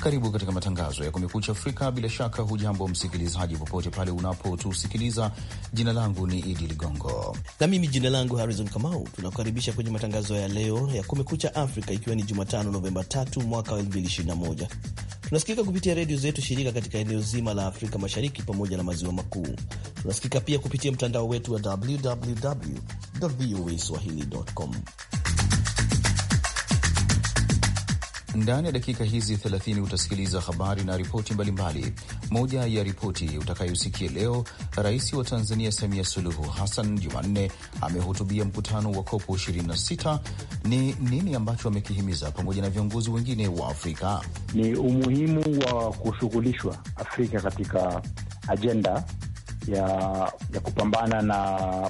Karibu katika matangazo ya Kumekucha Afrika. Bila shaka, hujambo msikilizaji, popote pale unapotusikiliza. Jina langu ni Idi Ligongo na mimi jina langu Harrison Kamau. Tunakukaribisha kwenye matangazo ya leo ya Kumekucha Afrika, ikiwa ni Jumatano Novemba 3 mwaka 2021. Tunasikika kupitia redio zetu shirika katika eneo zima la Afrika Mashariki pamoja na maziwa makuu. Tunasikika pia kupitia mtandao wetu wa www voa swahili.com. Ndani ya dakika hizi 30 utasikiliza habari na ripoti mbalimbali. Moja ya ripoti utakayosikia leo, rais wa Tanzania Samia Suluhu Hassan Jumanne amehutubia mkutano wa kopo 26. Ni nini ambacho amekihimiza pamoja na viongozi wengine wa Afrika? Ni umuhimu wa kushughulishwa Afrika katika ajenda ya, ya kupambana na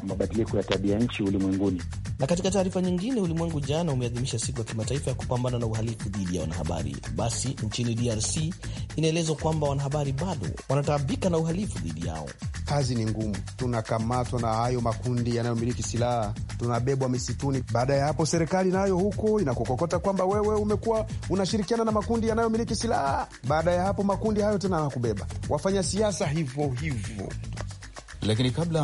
mabadiliko ya tabia nchi ulimwenguni. Na katika taarifa nyingine, ulimwengu jana umeadhimisha siku ya kimataifa ya kupambana na uhalifu dhidi ya wanahabari. Basi nchini DRC inaelezwa kwamba wanahabari bado wanataabika na uhalifu dhidi yao. Kazi ni ngumu, tunakamatwa na hayo makundi yanayomiliki silaha, tunabebwa misituni. Baada ya hapo, serikali nayo huko inakukokota kwamba wewe umekuwa unashirikiana na makundi yanayomiliki silaha. Baada ya hapo, makundi hayo tena anakubeba, Wafanya siasa hivyo hivyo lakini kabla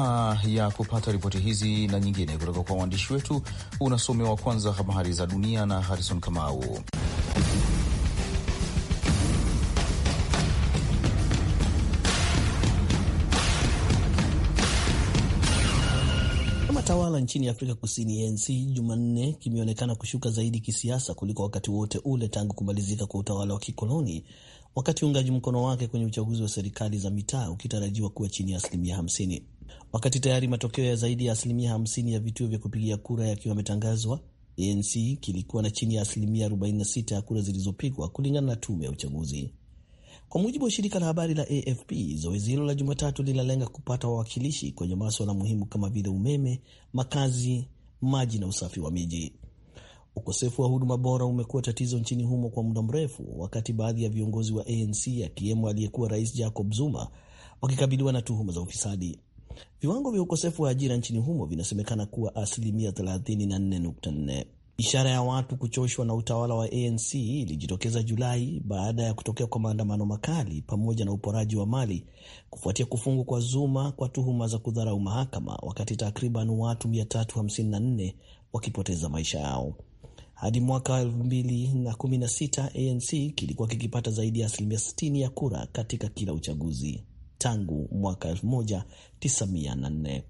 ya kupata ripoti hizi na nyingine kutoka kwa waandishi wetu, unasomewa kwanza habari za dunia na Harison Kamau. Chama tawala nchini Afrika Kusini ANC Jumanne kimeonekana kushuka zaidi kisiasa kuliko wakati wote ule tangu kumalizika kwa utawala wa kikoloni wakati uungaji mkono wake kwenye uchaguzi wa serikali za mitaa ukitarajiwa kuwa chini ya asilimia 50, wakati tayari matokeo ya zaidi ya asilimia 50 ya vituo vya kupigia kura yakiwa yametangazwa. ANC kilikuwa na chini ya asilimia 46 ya kura zilizopigwa kulingana na tume ya uchaguzi. Kwa mujibu wa shirika la habari la AFP, zoezi hilo la Jumatatu linalenga kupata wawakilishi kwenye maswala muhimu kama vile umeme, makazi, maji na usafi wa miji. Ukosefu wa huduma bora umekuwa tatizo nchini humo kwa muda mrefu, wakati baadhi ya viongozi wa ANC akiwemo aliyekuwa rais Jacob Zuma wakikabiliwa na tuhuma za ufisadi. Viwango vya ukosefu wa ajira nchini humo vinasemekana kuwa asilimia 34.4. Ishara ya watu kuchoshwa na utawala wa ANC ilijitokeza Julai baada ya kutokea kwa maandamano makali pamoja na uporaji wa mali kufuatia kufungwa kwa Zuma kwa tuhuma za kudharau mahakama, wakati takriban watu 354 wakipoteza maisha yao. Hadi mwaka 2016 ANC kilikuwa kikipata zaidi ya asilimia 60 ya kura katika kila uchaguzi tangu mwaka 1994.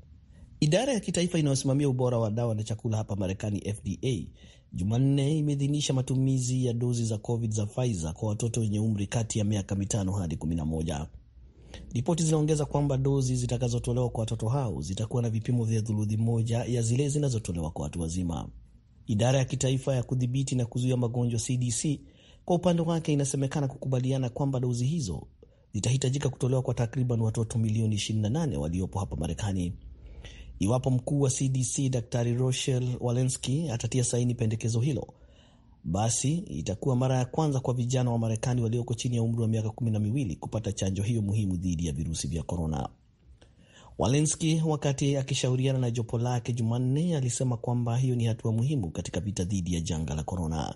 Idara ya kitaifa inayosimamia ubora wa dawa na chakula hapa Marekani, FDA, Jumanne imeidhinisha matumizi ya dozi za COVID za Pfizer kwa watoto wenye umri kati ya miaka mitano hadi 11. Ripoti zinaongeza kwamba dozi zitakazotolewa kwa watoto hao zitakuwa na vipimo vya dhuluthi moja ya zile zinazotolewa kwa watu wazima. Idara ya kitaifa ya kudhibiti na kuzuia magonjwa CDC kwa upande wake inasemekana kukubaliana kwamba dozi hizo zitahitajika kutolewa kwa takriban watoto milioni 28 waliopo hapa Marekani. Iwapo mkuu wa CDC Daktari Rochelle Walensky atatia saini pendekezo hilo, basi itakuwa mara ya kwanza kwa vijana wa Marekani walioko chini ya umri wa miaka kumi na miwili kupata chanjo hiyo muhimu dhidi ya virusi vya korona. Walenski, wakati akishauriana na jopo lake Jumanne alisema kwamba hiyo ni hatua muhimu katika vita dhidi ya janga la korona.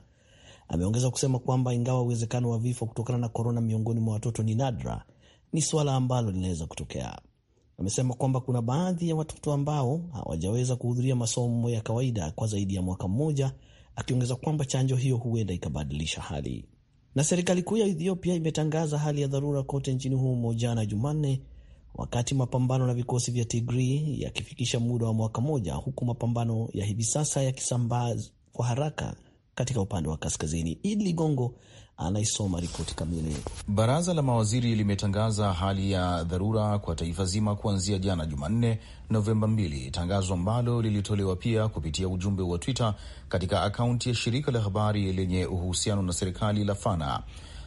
Ameongeza kusema kwamba ingawa uwezekano wa vifo kutokana na korona miongoni mwa watoto ni nadra, ni suala ambalo linaweza kutokea. Amesema kwamba kuna baadhi ya watoto ambao hawajaweza kuhudhuria masomo ya kawaida kwa zaidi ya mwaka mmoja, akiongeza kwamba chanjo hiyo huenda ikabadilisha hali. Na serikali kuu ya Ethiopia imetangaza hali ya dharura kote nchini humo jana Jumanne wakati mapambano na vikosi vya tigri yakifikisha muda wa mwaka mmoja, huku mapambano ya hivi sasa yakisambaa kwa haraka katika upande wa kaskazini. Idi Ligongo anaisoma ripoti kamili. Baraza la mawaziri limetangaza hali ya dharura kwa taifa zima kuanzia jana Jumanne, Novemba 2, tangazo ambalo lilitolewa pia kupitia ujumbe wa Twitter katika akaunti ya shirika la habari lenye uhusiano na serikali la Fana.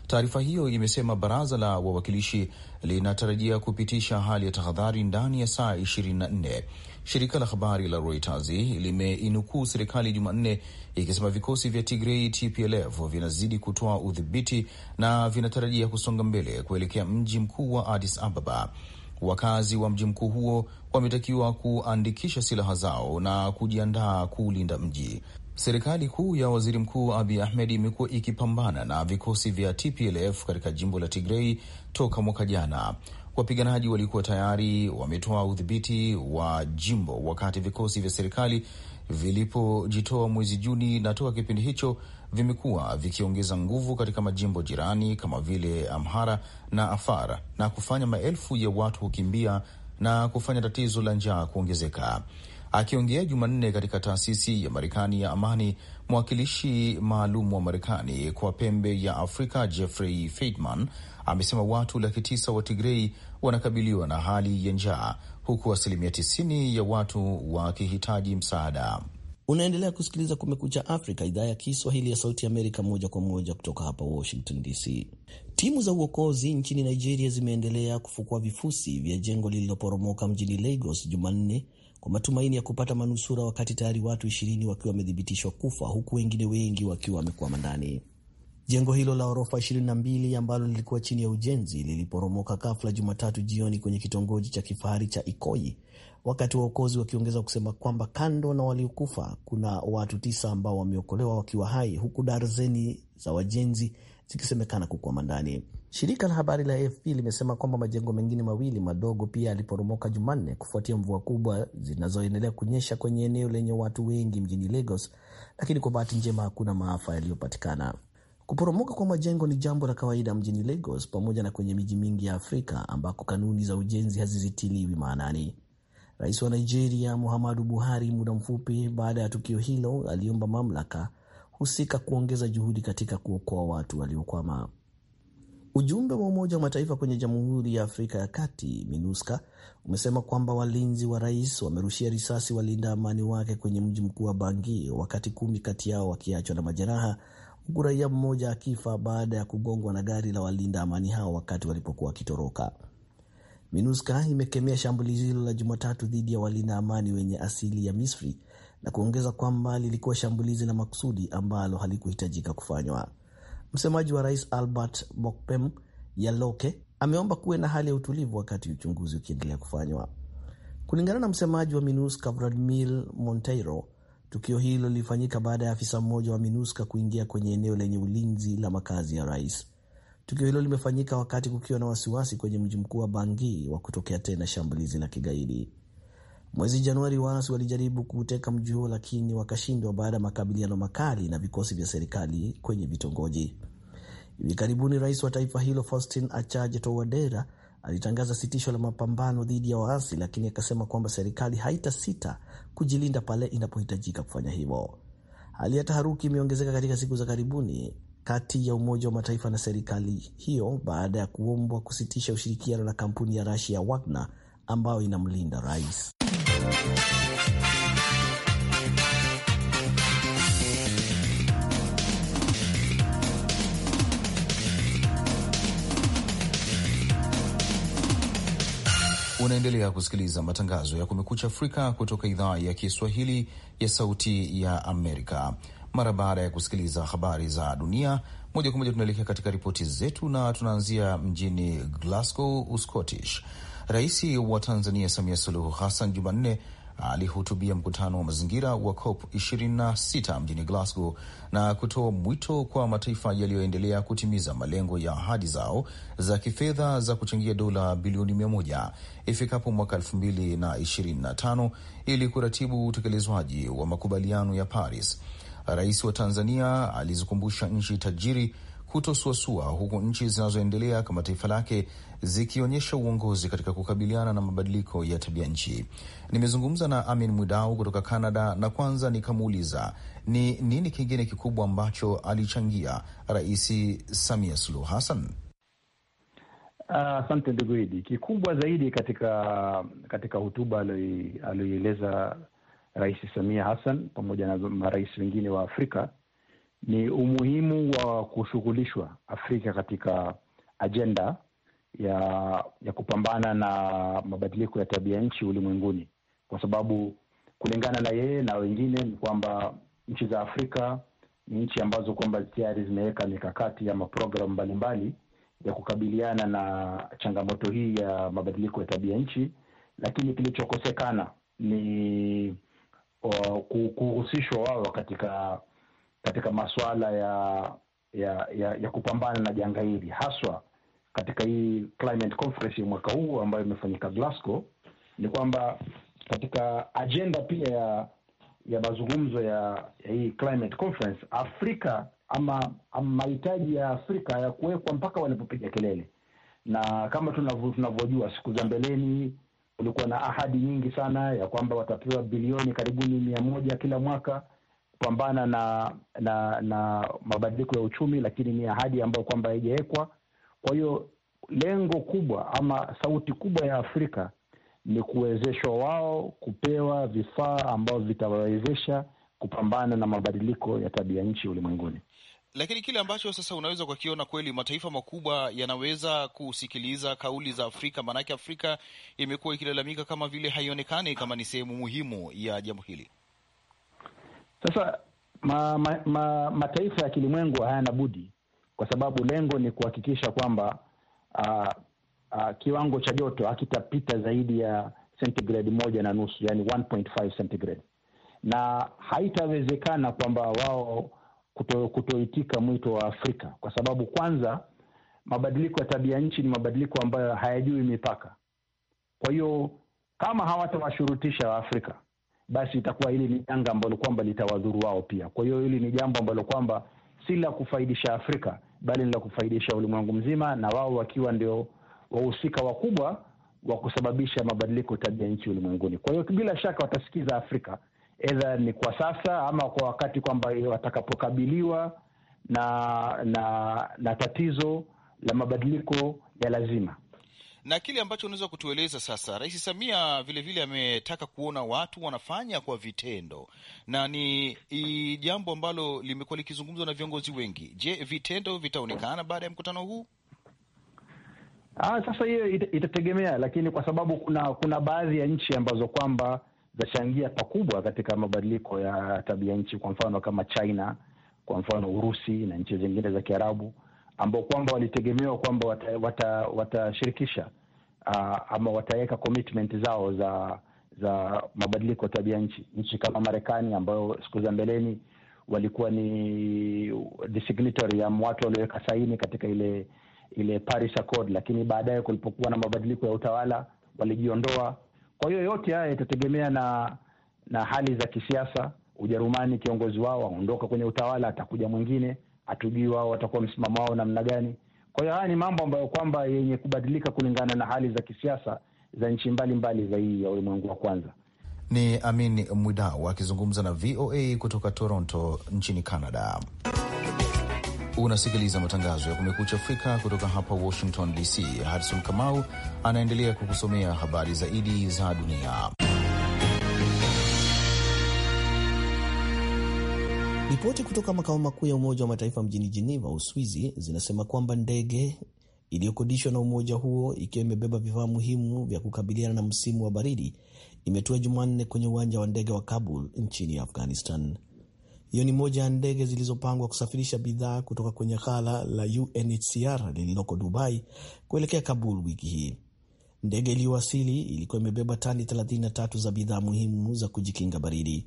Taarifa hiyo imesema baraza la wawakilishi linatarajia kupitisha hali ya tahadhari ndani ya saa 24. Shirika la habari la Reuters limeinukuu serikali Jumanne ikisema vikosi vya Tigrei TPLF vinazidi kutoa udhibiti na vinatarajia kusonga mbele kuelekea mji mkuu wa Addis Ababa. Wakazi wa mji mkuu huo wametakiwa kuandikisha silaha zao na kujiandaa kuulinda mji. Serikali kuu ya waziri mkuu Abi Ahmed imekuwa ikipambana na vikosi vya TPLF katika jimbo la Tigrei toka mwaka jana. Wapiganaji walikuwa tayari wametoa udhibiti wa jimbo wakati vikosi vya serikali vilipojitoa mwezi Juni, na toka kipindi hicho vimekuwa vikiongeza nguvu katika majimbo jirani kama vile Amhara na Afar na kufanya maelfu ya watu kukimbia na kufanya tatizo la njaa kuongezeka. Akiongea Jumanne katika taasisi ya Marekani ya amani, mwakilishi maalum wa Marekani kwa pembe ya Afrika Jeffrey feidman amesema watu laki tisa wa Tigrei wanakabiliwa na hali ya njaa huku asilimia 90 ya watu wakihitaji msaada. Unaendelea kusikiliza Kumekucha Afrika, idhaa ya Kiswahili ya Sauti Amerika, moja kwa moja kutoka hapa Washington DC. Timu za uokozi nchini Nigeria zimeendelea kufukua vifusi vya jengo lililoporomoka mjini Lagos Jumanne kwa matumaini ya kupata manusura, wakati tayari watu ishirini wakiwa wamethibitishwa kufa huku wengine wengi wakiwa wamekwama ndani. Jengo hilo la orofa 22 ambalo lilikuwa chini ya ujenzi liliporomoka ghafla Jumatatu jioni kwenye kitongoji cha kifahari cha Ikoyi, wakati waokozi wakiongeza kusema kwamba kando na waliokufa kuna watu tisa ambao wameokolewa wakiwa hai, huku darzeni za wajenzi zikisemekana kukwama ndani. Shirika la habari la AFP limesema kwamba majengo mengine mawili madogo pia yaliporomoka Jumanne kufuatia mvua kubwa zinazoendelea kunyesha kwenye eneo lenye watu wengi mjini Lagos, lakini kwa bahati njema hakuna maafa yaliyopatikana. Kuporomoka kwa majengo ni jambo la kawaida mjini Lagos pamoja na kwenye miji mingi ya Afrika ambako kanuni za ujenzi hazizitiliwi maanani. Rais wa Nigeria Muhammadu Buhari, muda mfupi baada ya tukio hilo, aliomba mamlaka husika kuongeza juhudi katika kuokoa watu waliokwama. Ujumbe wa Umoja wa Mataifa kwenye Jamhuri ya Afrika ya Kati, MINUSCA, umesema kwamba walinzi wa rais wamerushia risasi walinda amani wake kwenye mji mkuu wa Bangi, wakati kumi kati yao wakiachwa na majeraha, huku raia mmoja akifa baada ya kugongwa na gari la walinda amani hao wakati walipokuwa wakitoroka. MINUSCA imekemea shambulizi hilo la Jumatatu dhidi ya walinda amani wenye asili ya Misri na kuongeza kwamba lilikuwa shambulizi la makusudi ambalo halikuhitajika kufanywa. Msemaji wa rais Albert Bokpem Yaloke ameomba kuwe na hali ya utulivu wakati uchunguzi ukiendelea kufanywa. Kulingana na msemaji wa MINUSCA Vladimir Monteiro, tukio hilo lilifanyika baada ya afisa mmoja wa MINUSCA kuingia kwenye eneo lenye ulinzi la makazi ya rais. Tukio hilo limefanyika wakati kukiwa na wasiwasi kwenye mji mkuu wa Bangi wa kutokea tena shambulizi la kigaidi. Mwezi Januari waasi walijaribu kuteka mji huo lakini wakashindwa baada ya makabiliano makali na vikosi vya serikali kwenye vitongoji. Hivi karibuni rais wa taifa hilo Faustin Achaje Towadera alitangaza sitisho la mapambano dhidi ya waasi, lakini akasema kwamba serikali haitasita kujilinda pale inapohitajika kufanya hivyo. Hali ya taharuki imeongezeka katika siku za karibuni kati ya Umoja wa Mataifa na serikali hiyo baada ya kuombwa kusitisha ushirikiano na kampuni ya Rasia ya Wagner ambayo inamlinda rais. Unaendelea kusikiliza matangazo ya Kumekucha Afrika kutoka idhaa ya Kiswahili ya Sauti ya Amerika. Mara baada ya kusikiliza habari za dunia moja kwa moja, tunaelekea katika ripoti zetu na tunaanzia mjini Glasgow, uscottish Rais wa Tanzania Samia Suluhu Hassan Jumanne alihutubia mkutano wa mazingira wa COP 26 mjini Glasgow na kutoa mwito kwa mataifa yaliyoendelea kutimiza malengo ya ahadi zao za kifedha za kuchangia dola bilioni 100 ifikapo mwaka 2025 ili kuratibu utekelezwaji wa makubaliano ya Paris. Rais wa Tanzania alizikumbusha nchi tajiri kutosuasua, huku nchi zinazoendelea kama taifa lake zikionyesha uongozi katika kukabiliana na mabadiliko ya tabia nchi. Nimezungumza na Amin Mwidau kutoka Canada na kwanza nikamuuliza ni nini kingine kikubwa ambacho alichangia Rais Samia Suluhu Hassan. Asante uh, ndugu Idi. Kikubwa zaidi katika katika hotuba aliyoieleza Rais Samia Hassan pamoja na marais wengine wa Afrika ni umuhimu wa kushughulishwa Afrika katika ajenda ya ya kupambana na mabadiliko ya tabia nchi ulimwenguni, kwa sababu kulingana na yeye na wengine ni kwamba nchi za Afrika ni nchi ambazo kwamba tayari zimeweka mikakati ama maprogramu mbalimbali ya kukabiliana na changamoto hii ya mabadiliko ya tabia nchi, lakini kilichokosekana ni uh, kuhusishwa wao katika katika masuala ya ya, ya ya kupambana na janga hili haswa katika hii climate conference ya mwaka huu ambayo imefanyika Glasgow, ni kwamba katika ajenda pia ya ya mazungumzo ya, ya hii climate conference Afrika ama, ama mahitaji ya Afrika ya kuwekwa mpaka wanapopiga kelele, na kama tunavyojua, siku za mbeleni kulikuwa na ahadi nyingi sana ya kwamba watapewa bilioni karibuni mia moja kila mwaka kupambana na na na mabadiliko ya uchumi, lakini ni ahadi ambayo kwamba haijawekwa. Kwa hiyo lengo kubwa ama sauti kubwa ya Afrika ni kuwezeshwa wao kupewa vifaa ambavyo vitawawezesha kupambana na mabadiliko ya tabia nchi ulimwenguni. Lakini kile ambacho sasa unaweza kukiona kweli mataifa makubwa yanaweza kusikiliza kauli za Afrika, maanake Afrika imekuwa ikilalamika kama vile haionekani kama ni sehemu muhimu ya jambo hili. Sasa ma, ma, ma, mataifa ya kilimwengu hayana budi, kwa sababu lengo ni kuhakikisha kwamba uh, uh, kiwango cha joto hakitapita zaidi ya centigrade moja na nusu, yani 1.5 na haitawezekana kwamba wao kuto, kutoitika mwito wa Afrika, kwa sababu kwanza mabadiliko ya tabia nchi ni mabadiliko ambayo hayajui mipaka. Kwa hiyo kama hawatawashurutisha Waafrika basi itakuwa hili ni janga ambalo kwamba litawadhuru wao pia. Kwa hiyo hili ni jambo ambalo kwamba si la kufaidisha Afrika bali ni la kufaidisha ulimwengu mzima, na wao wakiwa ndio wahusika wakubwa wa kusababisha mabadiliko tabia nchi ulimwenguni. Kwa hiyo bila shaka watasikiza Afrika, edha ni kwa sasa ama kwa wakati kwamba watakapokabiliwa na, na, na tatizo la mabadiliko ya lazima na kile ambacho unaweza kutueleza sasa, Rais Samia vilevile ametaka kuona watu wanafanya kwa vitendo, na ni jambo ambalo limekuwa likizungumzwa na viongozi wengi. Je, vitendo vitaonekana baada ya mkutano huu? Aa, ah, sasa hiyo it, itategemea, lakini kwa sababu kuna kuna baadhi ya nchi ambazo kwamba zachangia pakubwa katika mabadiliko ya tabia nchi, kwa mfano kama China, kwa mfano Urusi na nchi zingine za Kiarabu ambao kwamba walitegemewa kwamba watashirikisha wata, wata uh, ama wataweka commitment zao za za mabadiliko ya tabia nchi. Nchi kama Marekani ambayo siku za mbeleni walikuwa ni designatory ya watu walioweka saini katika ile ile Paris Accord, lakini baadaye kulipokuwa na mabadiliko ya utawala walijiondoa. Kwa hiyo yote haya itategemea na na hali za kisiasa. Ujerumani, kiongozi wao aondoka kwenye utawala, atakuja mwingine hatujui wao watakuwa msimamo wao namna gani. Kwa hiyo haya ni mambo ambayo kwamba yenye kubadilika kulingana na hali za kisiasa za nchi mbalimbali za hii ya ulimwengu wa kwanza. Ni Amin Mwidau akizungumza na VOA kutoka Toronto nchini Canada. Unasikiliza matangazo ya Kumekucha Afrika kutoka hapa Washington DC. Harison Kamau anaendelea kukusomea habari zaidi za dunia. Ripoti kutoka makao makuu ya Umoja wa Mataifa mjini Geneva, Uswizi, zinasema kwamba ndege iliyokodishwa na umoja huo ikiwa imebeba vifaa muhimu vya kukabiliana na msimu wa baridi imetua Jumanne kwenye uwanja wa ndege wa Kabul nchini Afghanistan. Hiyo ni moja ya ndege zilizopangwa kusafirisha bidhaa kutoka kwenye ghala la UNHCR lililoko Dubai kuelekea Kabul wiki hii. Ndege iliyowasili ilikuwa imebeba tani 33 za bidhaa muhimu za kujikinga baridi.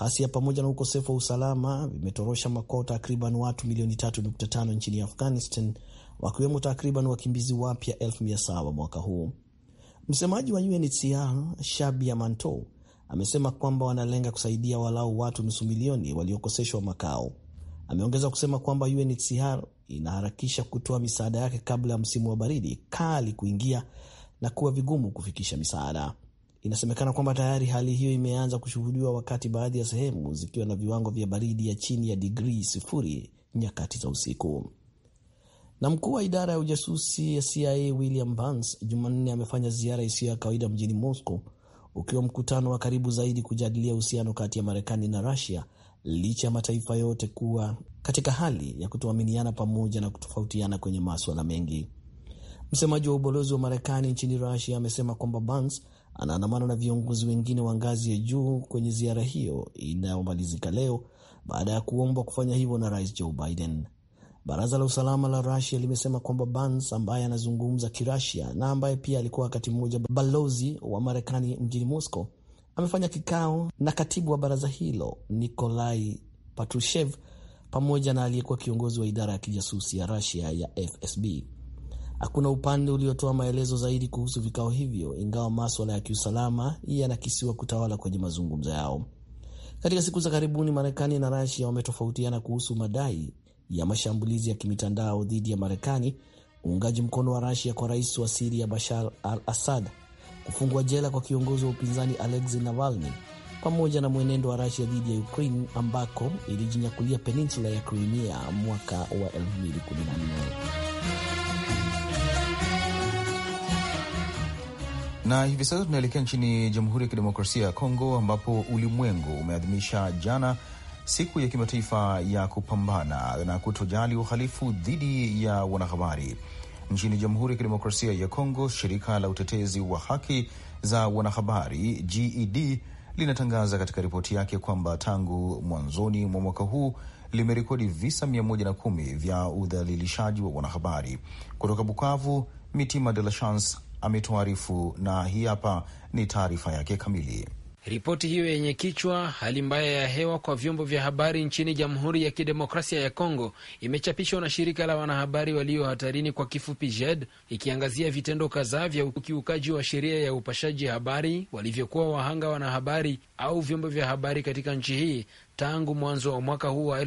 Ghasia pamoja na ukosefu wa usalama vimetorosha makwao takriban watu milioni 3.5 nchini Afghanistan, wakiwemo takriban wakimbizi wapya 7 mwaka huu. Msemaji wa UNHCR Shabia Manto amesema kwamba wanalenga kusaidia walau watu nusu milioni waliokoseshwa makao. Ameongeza kusema kwamba UNHCR inaharakisha kutoa misaada yake kabla ya msimu wa baridi kali kuingia na kuwa vigumu kufikisha misaada. Inasemekana kwamba tayari hali hiyo imeanza kushuhudiwa wakati baadhi ya sehemu zikiwa na viwango vya baridi ya chini ya digrii sifuri nyakati za usiku. Na mkuu wa idara ya ujasusi ya CIA William Burns Jumanne amefanya ziara isiyo ya kawaida mjini Moscow, ukiwa mkutano wa karibu zaidi kujadilia uhusiano kati ya Marekani na Rusia licha ya mataifa yote kuwa katika hali ya kutoaminiana pamoja na kutofautiana kwenye maswala mengi. Msemaji wa ubalozi wa Marekani nchini Rusia amesema kwamba Burns anaandamana na viongozi wengine wa ngazi ya juu kwenye ziara hiyo inayomalizika leo baada ya kuombwa kufanya hivyo na rais Joe Biden. Baraza la usalama la Rusia limesema kwamba Burns ambaye anazungumza Kirasia na ambaye pia alikuwa wakati mmoja balozi wa Marekani mjini Moscow amefanya kikao na katibu wa baraza hilo Nikolai Patrushev pamoja na aliyekuwa kiongozi wa idara ya kijasusi ya Rusia ya FSB. Hakuna upande uliotoa maelezo zaidi kuhusu vikao hivyo, ingawa maswala ya kiusalama yanakisiwa kutawala kwenye mazungumzo yao. Katika siku za karibuni, Marekani na Rasia wametofautiana kuhusu madai ya mashambulizi ya kimitandao dhidi ya Marekani, uungaji mkono wa Rasia kwa rais wa Siria Bashar al Assad, kufungwa jela kwa kiongozi wa upinzani Alexei Navalny, pamoja na mwenendo wa Rasia dhidi ya Ukraine ambako ilijinyakulia peninsula ya Crimea mwaka wa 2014. Na hivi sasa tunaelekea nchini Jamhuri ya Kidemokrasia ya Kongo ambapo ulimwengu umeadhimisha jana siku ya kimataifa ya kupambana na kutojali uhalifu dhidi ya wanahabari. Nchini Jamhuri ya Kidemokrasia ya Kongo, shirika la utetezi wa haki za wanahabari GED linatangaza katika ripoti yake kwamba tangu mwanzoni mwa mwaka huu limerekodi visa 110 vya udhalilishaji wa wanahabari. Kutoka Bukavu, Mitima De La Chance ametuarifu, na hii hapa ni taarifa yake kamili. Ripoti hiyo yenye kichwa hali mbaya ya hewa kwa vyombo vya habari nchini Jamhuri ya Kidemokrasia ya Kongo imechapishwa na shirika la wanahabari walio hatarini kwa kifupi JED, ikiangazia vitendo kadhaa vya ukiukaji wa sheria ya upashaji habari walivyokuwa wahanga wanahabari au vyombo vya habari katika nchi hii tangu mwanzo wa mwaka huu wa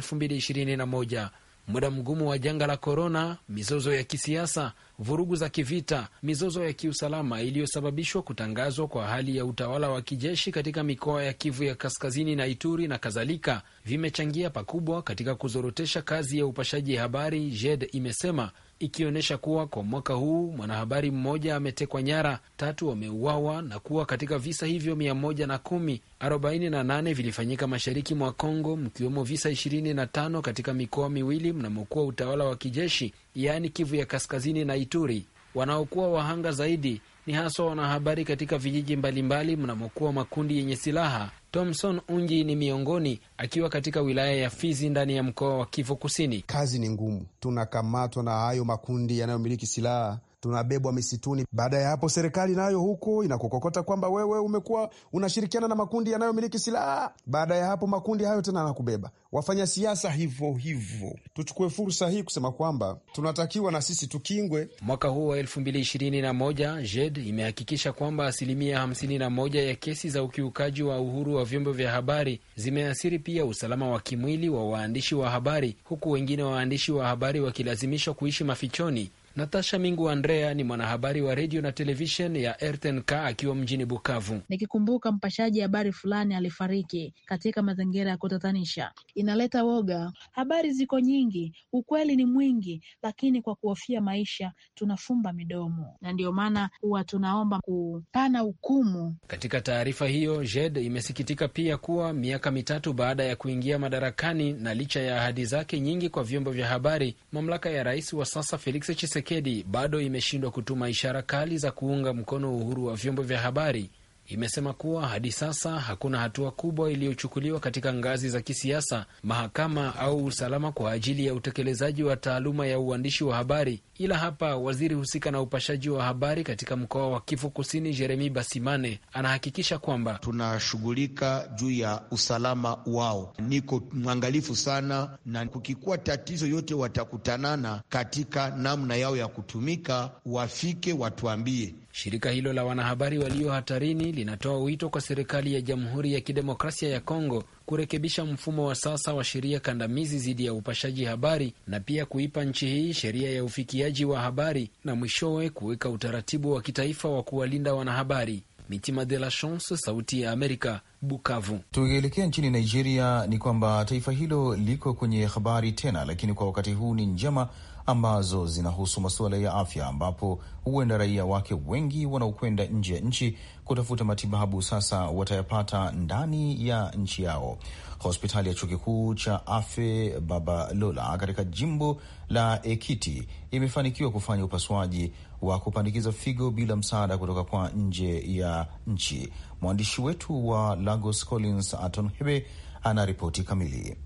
muda mgumu wa janga la korona, mizozo ya kisiasa, vurugu za kivita, mizozo ya kiusalama iliyosababishwa kutangazwa kwa hali ya utawala wa kijeshi katika mikoa ya Kivu ya Kaskazini na Ituri na kadhalika, vimechangia pakubwa katika kuzorotesha kazi ya upashaji habari, JED imesema ikionyesha kuwa kwa mwaka huu mwanahabari mmoja ametekwa nyara, tatu wameuawa na kuwa katika visa hivyo mia moja na kumi, arobaini na nane vilifanyika mashariki mwa Kongo, mkiwemo visa ishirini na tano katika mikoa miwili mnamokuwa utawala wa kijeshi, yaani Kivu ya Kaskazini na Ituri. Wanaokuwa wahanga zaidi ni haswa wanahabari katika vijiji mbalimbali mnamokuwa makundi yenye silaha Thomson Unji ni miongoni, akiwa katika wilaya ya Fizi ndani ya mkoa wa Kivu Kusini. Kazi ni ngumu, tunakamatwa na hayo makundi yanayomiliki silaha tunabebwa misituni. Baada ya hapo, serikali nayo huku inakukokota kwamba wewe umekuwa unashirikiana na makundi yanayomiliki silaha. Baada ya hapo, makundi hayo tena anakubeba Wafanya siasa hivyo hivyo. Tuchukue fursa hii kusema kwamba tunatakiwa na sisi tukingwe. Mwaka huu wa elfu mbili ishirini na moja JED imehakikisha kwamba asilimia hamsini na moja ya kesi za ukiukaji wa uhuru wa vyombo vya habari zimeathiri pia usalama wa kimwili wa waandishi wa habari, huku wengine waandishi wa habari wakilazimishwa kuishi mafichoni Natasha Mingu Andrea ni mwanahabari wa redio na televishen ya RTNK akiwa mjini Bukavu. Nikikumbuka mpashaji habari fulani alifariki katika mazingira ya kutatanisha, inaleta woga. Habari ziko nyingi, ukweli ni mwingi, lakini kwa kuhofia maisha tunafumba midomo, na ndiyo maana huwa tunaomba kupana hukumu. Katika taarifa hiyo, JED imesikitika pia kuwa miaka mitatu baada ya kuingia madarakani na licha ya ahadi zake nyingi kwa vyombo vya habari, mamlaka ya rais wa sasa Felix Chisekedi bado imeshindwa kutuma ishara kali za kuunga mkono uhuru wa vyombo vya habari imesema kuwa hadi sasa hakuna hatua kubwa iliyochukuliwa katika ngazi za kisiasa, mahakama au usalama kwa ajili ya utekelezaji wa taaluma ya uandishi wa habari. Ila hapa waziri husika na upashaji wa habari katika mkoa wa Kivu Kusini, Jeremi Basimane, anahakikisha kwamba tunashughulika juu ya usalama wao. Niko mwangalifu sana, na kukikuwa tatizo yote watakutanana katika namna yao ya kutumika, wafike watuambie Shirika hilo la wanahabari walio hatarini linatoa wito kwa serikali ya Jamhuri ya Kidemokrasia ya Kongo kurekebisha mfumo wa sasa wa sheria kandamizi dhidi ya upashaji habari na pia kuipa nchi hii sheria ya ufikiaji wa habari na mwishowe kuweka utaratibu wa kitaifa wa kuwalinda wanahabari. Mitima de la Chance, Sauti ya Amerika, Bukavu. Tukielekea nchini Nigeria, ni kwamba taifa hilo liko kwenye habari tena, lakini kwa wakati huu ni njema ambazo zinahusu masuala ya afya, ambapo huenda raia wake wengi wanaokwenda nje ya nchi kutafuta matibabu sasa watayapata ndani ya nchi yao. Hospitali ya chuo kikuu cha Afe Babalola katika jimbo la Ekiti imefanikiwa kufanya upasuaji wa kupandikiza figo bila msaada kutoka kwa nje ya nchi. Mwandishi wetu wa Lagos Collins atonhebe ana ripoti kamili.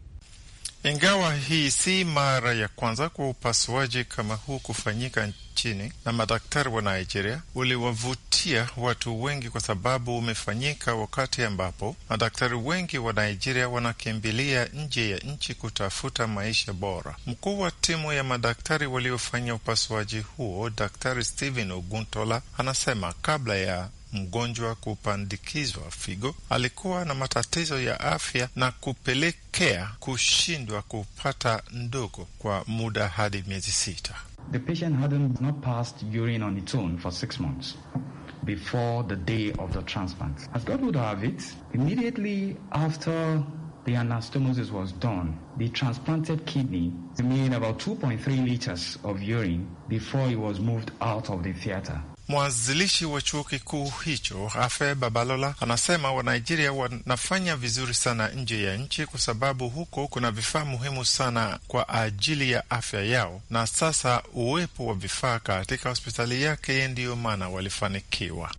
Ingawa hii si mara ya kwanza kwa upasuaji kama huu kufanyika nchini, na madaktari wa Nigeria uliwavutia watu wengi kwa sababu umefanyika wakati ambapo madaktari wengi wa Nigeria wanakimbilia nje ya nchi kutafuta maisha bora. Mkuu wa timu ya madaktari waliofanya upasuaji huo, Daktari Stephen Oguntola, anasema kabla ya mgonjwa kupandikizwa figo alikuwa na matatizo ya afya na kupelekea kushindwa kupata ndogo kwa muda hadi miezi sita. The patient hadn't not passed urine on its own for six months before the day of the transplant. As God would have it, immediately after the anastomosis was done, the transplanted kidney made about 2.3 liters of urine before it was moved out of the theater. Mwanzilishi wa chuo kikuu hicho Afe Babalola anasema Wanigeria wanafanya vizuri sana nje ya nchi kwa sababu huko kuna vifaa muhimu sana kwa ajili ya afya yao, na sasa uwepo wa vifaa katika hospitali yake ndiyo maana walifanikiwa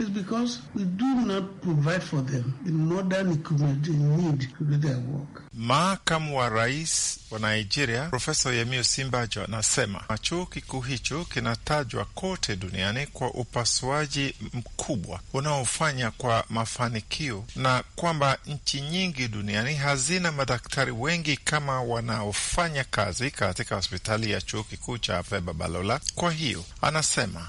is because we do not provide for them the modern equipment they need to do their work. Makamu wa rais wa Nigeria Profesa Yemi Osinbajo anasema chuo kikuu hicho kinatajwa kote duniani kwa upasuaji mkubwa unaofanya kwa mafanikio na kwamba nchi nyingi duniani hazina madaktari wengi kama wanaofanya kazi katika hospitali ya chuo kikuu cha Feba Balola. Kwa hiyo anasema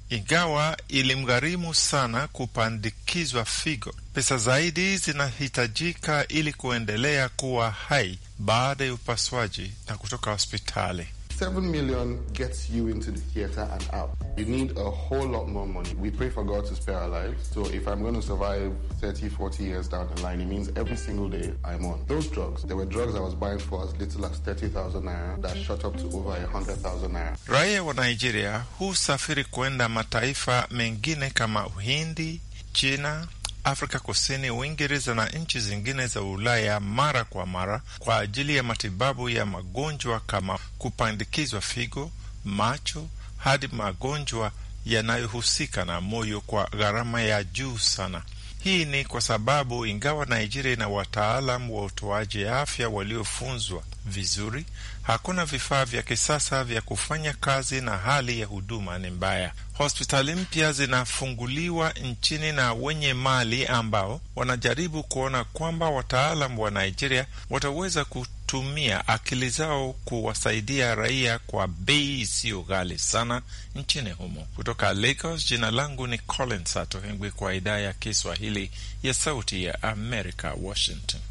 ingawa ilimgharimu sana kupandikizwa figo. Pesa zaidi zinahitajika ili kuendelea kuwa hai baada ya upasuaji na kutoka hospitali. 7 million gets you into the theater and out. You need a whole lot more money. We pray for God to spare our lives. So if I'm going to survive 30, 40 years down the line, it means every single day I'm on. Those drugs, there were drugs I was buying for as little as 30,000 naira that shot up to over 100,000 naira. Raya wa Nigeria safiri kwenda mataifa mengine kama Uhindi, China, Afrika Kusini, Uingereza na nchi zingine za Ulaya mara kwa mara kwa ajili ya matibabu ya magonjwa kama kupandikizwa figo, macho hadi magonjwa yanayohusika na moyo kwa gharama ya juu sana. Hii ni kwa sababu ingawa Nigeria ina wataalam wa utoaji afya waliofunzwa vizuri, hakuna vifaa vya kisasa vya kufanya kazi na hali ya huduma ni mbaya. Hospitali mpya zinafunguliwa nchini na wenye mali ambao wanajaribu kuona kwamba wataalam wa Nigeria wataweza kutumia akili zao kuwasaidia raia kwa bei isiyo ghali sana nchini humo. Kutoka Lagos, jina langu ni Colin Satohengwi kwa idhaa ya Kiswahili ya Sauti ya Amerika, Washington.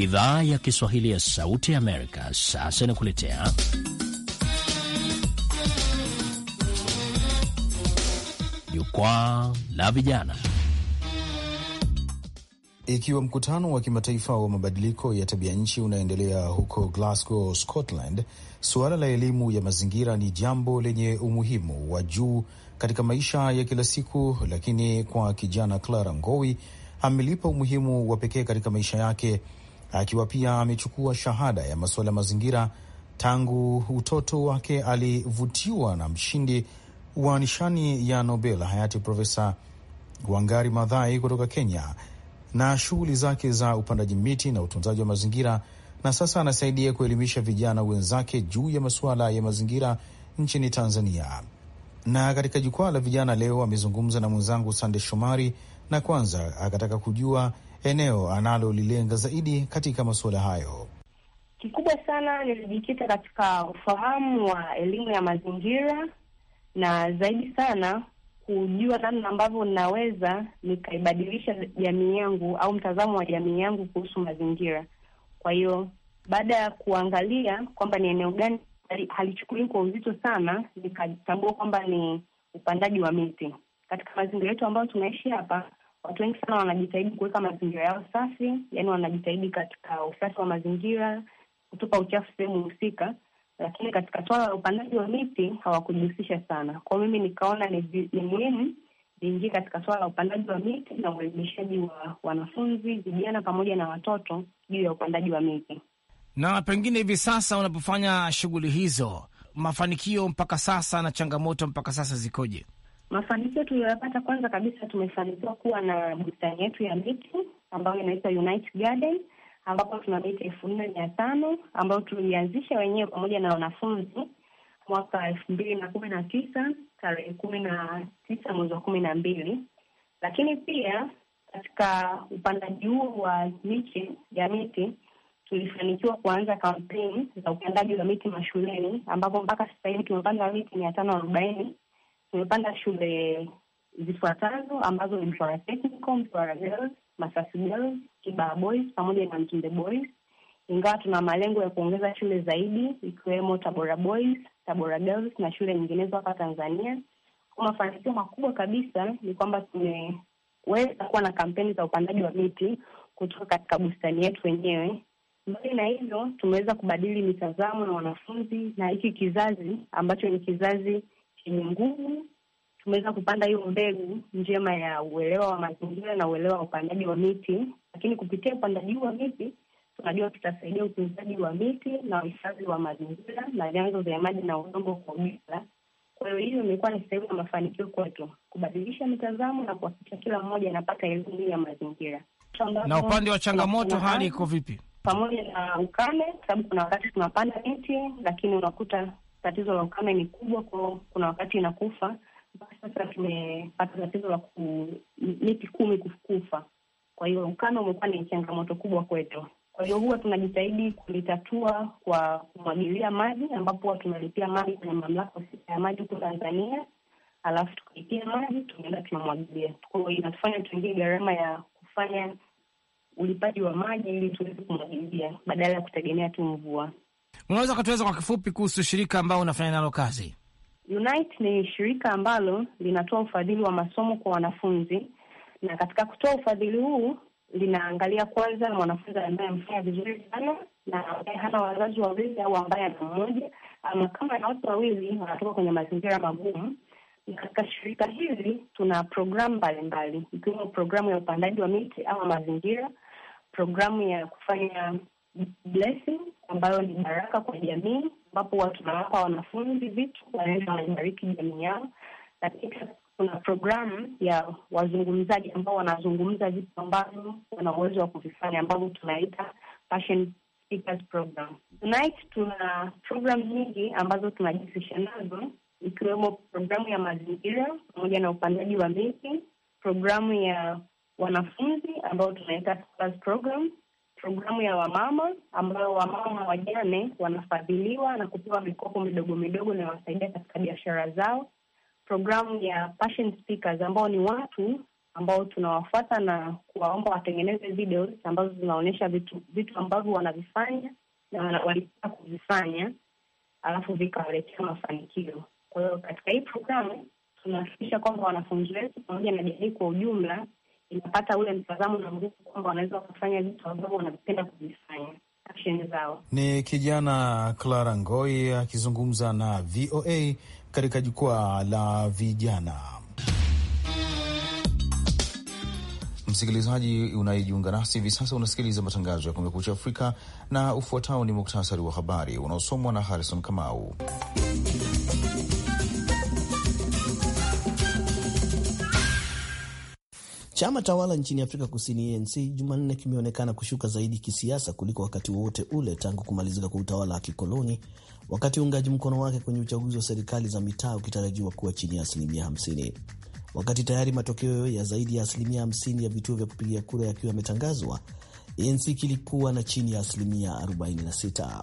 Idhaa ya Kiswahili ya Sauti ya Amerika sasa inakuletea jukwaa la vijana. Ikiwa mkutano wa kimataifa wa mabadiliko ya tabia nchi unaendelea huko Glasgow, Scotland, suala la elimu ya mazingira ni jambo lenye umuhimu wa juu katika maisha ya kila siku, lakini kwa kijana Clara Ngowi amelipa umuhimu wa pekee katika maisha yake akiwa pia amechukua shahada ya masuala ya mazingira. Tangu utoto wake alivutiwa na mshindi wa nishani ya Nobel hayati Profesa Wangari Maathai kutoka Kenya na shughuli zake za upandaji miti na utunzaji wa mazingira, na sasa anasaidia kuelimisha vijana wenzake juu ya masuala ya mazingira nchini Tanzania. Na katika jukwaa la vijana leo amezungumza na mwenzangu Sande Shomari, na kwanza akataka kujua eneo analolilenga zaidi katika masuala hayo. Kikubwa sana nilijikita katika ufahamu wa elimu ya mazingira na zaidi sana kujua namna ambavyo ninaweza nikaibadilisha jamii yangu au mtazamo wa jamii yangu kuhusu mazingira. Kwa hiyo baada ya kuangalia kwamba ni eneo gani halichukuliwi kwa uzito sana, nikatambua kwamba ni upandaji wa miti katika mazingira yetu ambayo tunaishi hapa. Watu wengi sana wanajitahidi kuweka mazingira yao safi, yani wanajitahidi katika usafi wa mazingira, kutupa uchafu sehemu husika, lakini katika swala la upandaji wa miti hawakujihusisha sana. Kwa mimi nikaona ni, ni muhimu niingie katika swala la upandaji wa miti na uelimishaji wa wanafunzi vijana pamoja na watoto juu ya upandaji wa miti. Na pengine hivi sasa unapofanya shughuli hizo, mafanikio mpaka sasa na changamoto mpaka sasa zikoje? Mafanikio tuliyoyapata, kwanza kabisa, tumefanikiwa kuwa na bustani yetu ya miti ambayo inaitwa Unite Garden ambapo tuna miti elfu nne mia tano ambayo tulianzisha wenyewe pamoja na wanafunzi mwaka elfu mbili na kumi na tisa tarehe kumi na tisa mwezi wa kumi na mbili. Lakini pia katika upandaji huo wa miche ya miti tulifanikiwa kuanza kampeni za upandaji wa miti mashuleni ambapo mpaka sasa hivi tumepanda miti mia tano arobaini Tumepanda shule zifuatazo ambazo ni Mtwara Technical, Mtwara Girls, Masasi Girls, Kibaha Boys pamoja na Mtunde Boys, ingawa tuna malengo ya kuongeza shule zaidi ikiwemo Tabora Boys, Tabora Girls na shule nyinginezo hapa Tanzania. Kwa mafanikio makubwa kabisa ni kwamba tumeweza kuwa na kampeni za upandaji wa miti kutoka katika bustani yetu wenyewe. Mbali na hivyo, tumeweza kubadili mitazamo ya wanafunzi na hiki kizazi ambacho ni kizazi chenye nguvu. Tumeweza kupanda hiyo mbegu njema ya uelewa wa mazingira na uelewa wa upandaji wa miti, lakini kupitia upandaji huu wa miti tunajua tutasaidia utunzaji wa miti na uhifadhi wa mazingira na vyanzo vya maji na udongo kwa ujumla. Kwa hiyo hiyo imekuwa ni sehemu ya mafanikio kwetu kubadilisha mitazamo na kuhakikisha kila mmoja anapata elimu ya mazingira. Na upande wa changamoto, hali iko vipi? Pamoja na ukame, kwa sababu kuna wakati tunapanda miti lakini unakuta tatizo la ukame ni kubwa kwao, kuna wakati inakufa. Mpaka sasa tumepata tatizo la miti kumi kufa. Kwa hiyo ukame umekuwa ni changamoto kubwa kwetu. Kwa hiyo huwa tunajitahidi kulitatua kwa kumwagilia maji, ambapo huwa tunalipia maji kwenye mamlaka husika ya maji huko Tanzania, alafu tukalipia maji, tunaenda tunamwagilia. Kwa hiyo inatufanya tuingie gharama ya kufanya ulipaji wa maji ili tuweze kumwagilia badala ya kutegemea tu mvua. Unaweza ukatueleza kwa kifupi kuhusu shirika ambao unafanya nalo kazi? Unite ni shirika ambalo linatoa ufadhili wa masomo kwa wanafunzi, na katika kutoa ufadhili huu linaangalia kwanza mwanafunzi ambaye amefanya vizuri sana na ambaye hana wazazi wawili au ambaye ana mmoja ama kama na watu wawili wanatoka kwenye mazingira magumu. Katika shirika hili tuna programu mbalimbali, ikiwemo programu ya upandaji wa miti ama mazingira, programu ya kufanya blessing ambayo ni baraka kwa jamii, ambapo watunawapa wanafunzi vitu, wanaenda wanaibariki jamii yao, na pia kuna programu ya wazungumzaji ambao wanazungumza vitu ambavyo wana uwezo wa kuvifanya ambavyo tunaita passion speakers program. Tonight tuna programu nyingi ambazo tunajihusisha nazo ikiwemo programu ya mazingira pamoja na upandaji wa miti, programu ya wanafunzi ambao tunaita program programu ya wamama ambayo wamama wajane wanafadhiliwa na kupewa mikopo midogo midogo inayowasaidia katika biashara zao. Programu ya passion speakers ambao ni watu ambao tunawafuata na kuwaomba watengeneze videos ambazo zinaonyesha vitu vitu ambavyo wanavifanya na walitaka kuvifanya, alafu vikawaletea mafanikio. Kwa hiyo katika hii programu tunahakikisha kwamba wanafunzi wetu pamoja na jamii kwa ujumla inapata ule mtazamo na nguvu kwamba wanaweza wakafanya vitu ambavyo wanavipenda kuvifanya zao. Ni kijana Clara Ngoi akizungumza na VOA katika jukwaa la vijana. Msikilizaji unayejiunga nasi hivi sasa, unasikiliza matangazo ya Kumekucha Afrika, na ufuatao ni muktasari wa habari unaosomwa na Harrison Kamau. Chama tawala nchini Afrika Kusini, ANC, Jumanne kimeonekana kushuka zaidi kisiasa kuliko wakati wowote ule tangu kumalizika kwa utawala wa kikoloni, wakati uungaji mkono wake kwenye uchaguzi wa serikali za mitaa ukitarajiwa kuwa chini ya asilimia 50, wakati tayari matokeo ya zaidi ya asilimia 50 ya vituo vya kupigia kura yakiwa yametangazwa. ANC kilikuwa na chini ya asilimia 46.